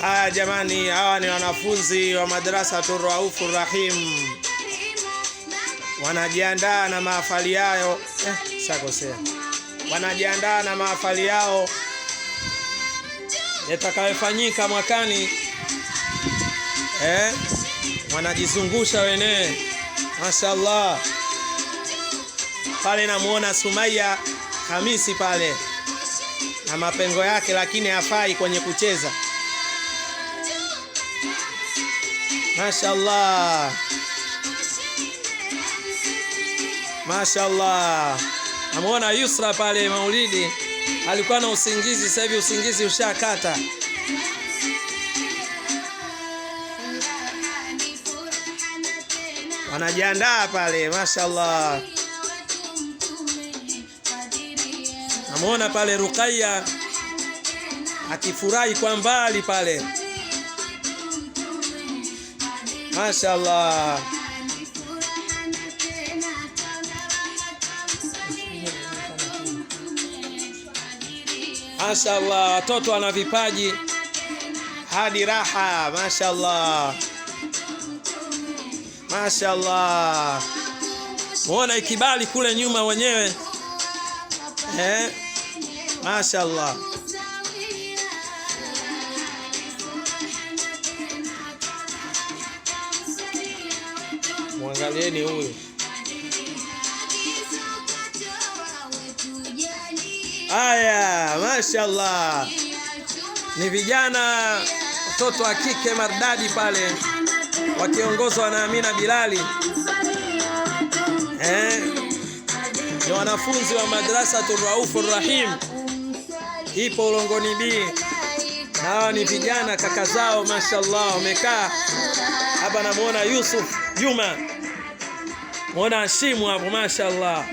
Haya jamani, hawa ni wanafunzi wa madrasa Turaufu Rahim, wanajiandaa na mahafali yao eh, sakosea, wanajiandaa na mahafali yao yatakayofanyika mwakani eh, wanajizungusha wenee mashallah Pale namuona Sumaiya Hamisi pale na mapengo yake, lakini hafai kwenye kucheza. Mashallah, mashallah. Namuona Yusra pale Maulidi, alikuwa na usingizi, sasa hivi usingizi ushakata. Wanajiandaa pale, mashallah. Namuona pale Ruqayya akifurahi kwa mbali pale. Mashallah. Mashallah, watoto wana vipaji hadi raha. Mashallah, mashallah. Muona ikibali kule nyuma wenyewe eh? Mashallah. Mwangalieni huyu. Haya, mashallah, ni vijana mtoto wa kike maridadi pale wakiongozwa na Amina Bilali eh, ni wanafunzi wa madrasa Turaufu Rahim ipo Ulongoni B. Hawa ni vijana kaka zao, mashallah, wamekaa hapa. Namuona Yusuf Juma. Mwona Shimu hapo, mashallah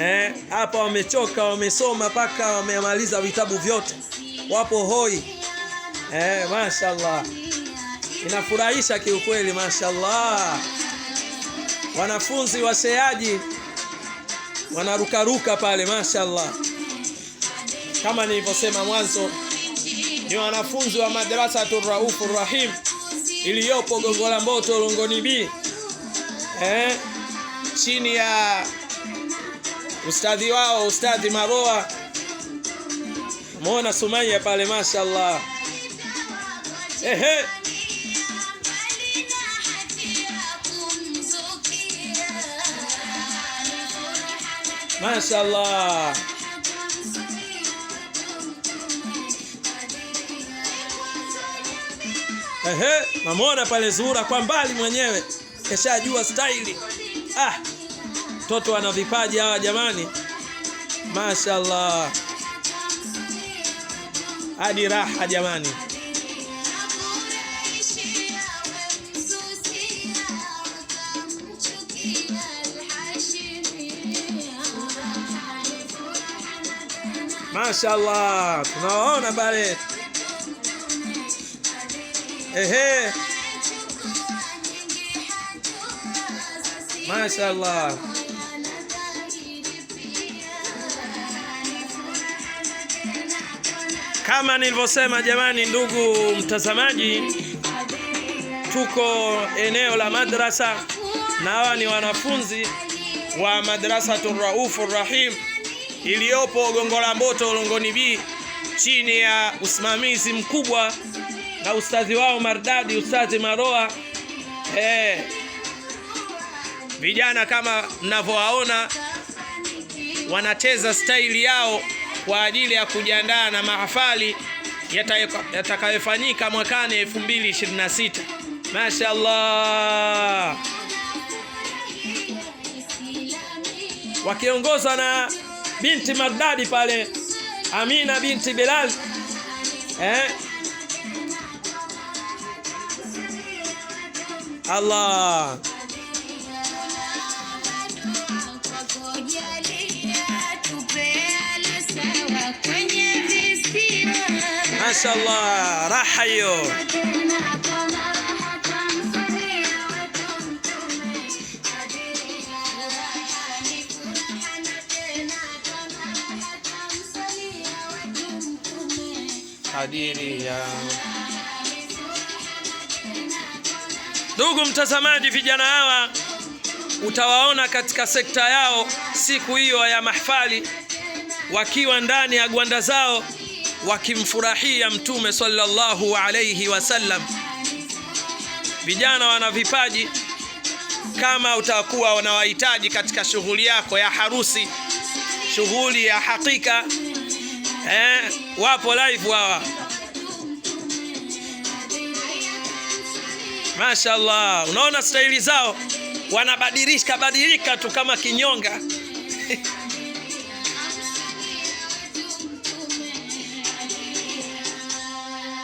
eh, hapa wamechoka wamesoma mpaka wamemaliza vitabu vyote, wapo hoi eh, mashallah. Inafurahisha kiukweli, mashallah. Wanafunzi waseaji wanarukaruka pale, mashallah. Kama nilivyosema mwanzo, ni wanafunzi wa madrasa Turraufu Rahim iliyopo Gongo la Mboto Longoni B eh chini ya ustadhi wao ustadhi Maroa. Muona Sumaya pale, mashallah Ehe, mashallah Ehe, namwona pale Zuhura kwa mbali mwenyewe, keshajua staili ah, toto ana vipaji hawa jamani, mashaallah, hadi raha jamani. Mashaallah, tunawaona pale ehe. Mashallah. Kama nilivyosema jamani, ndugu mtazamaji, tuko eneo la madrasa na hawa ni wanafunzi wa madrasa Raufur Rahim iliyopo Gongo la Mboto Longoni B chini ya usimamizi mkubwa na ustadhi wao maridadi, ustadhi Maroa eh. Vijana kama mnavyowaona wanacheza staili yao kwa ajili ya kujiandaa na mahafali yatakayofanyika mwakani 2026. Mashaallah, wakiongozwa na binti Mardadi pale Amina binti Bilal eh? Allah Mashallah, raha hiyo. Ndugu mtazamaji, vijana hawa utawaona katika sekta yao siku hiyo ya mahfali, wakiwa ndani ya gwanda zao wakimfurahia Mtume sallallahu alayhi wasallam. Vijana wana vipaji, kama utakuwa unawahitaji katika shughuli yako ya harusi, shughuli ya hakika eh, wapo live hawa, mashaallah. Unaona staili zao wanabadilika badilika tu kama kinyonga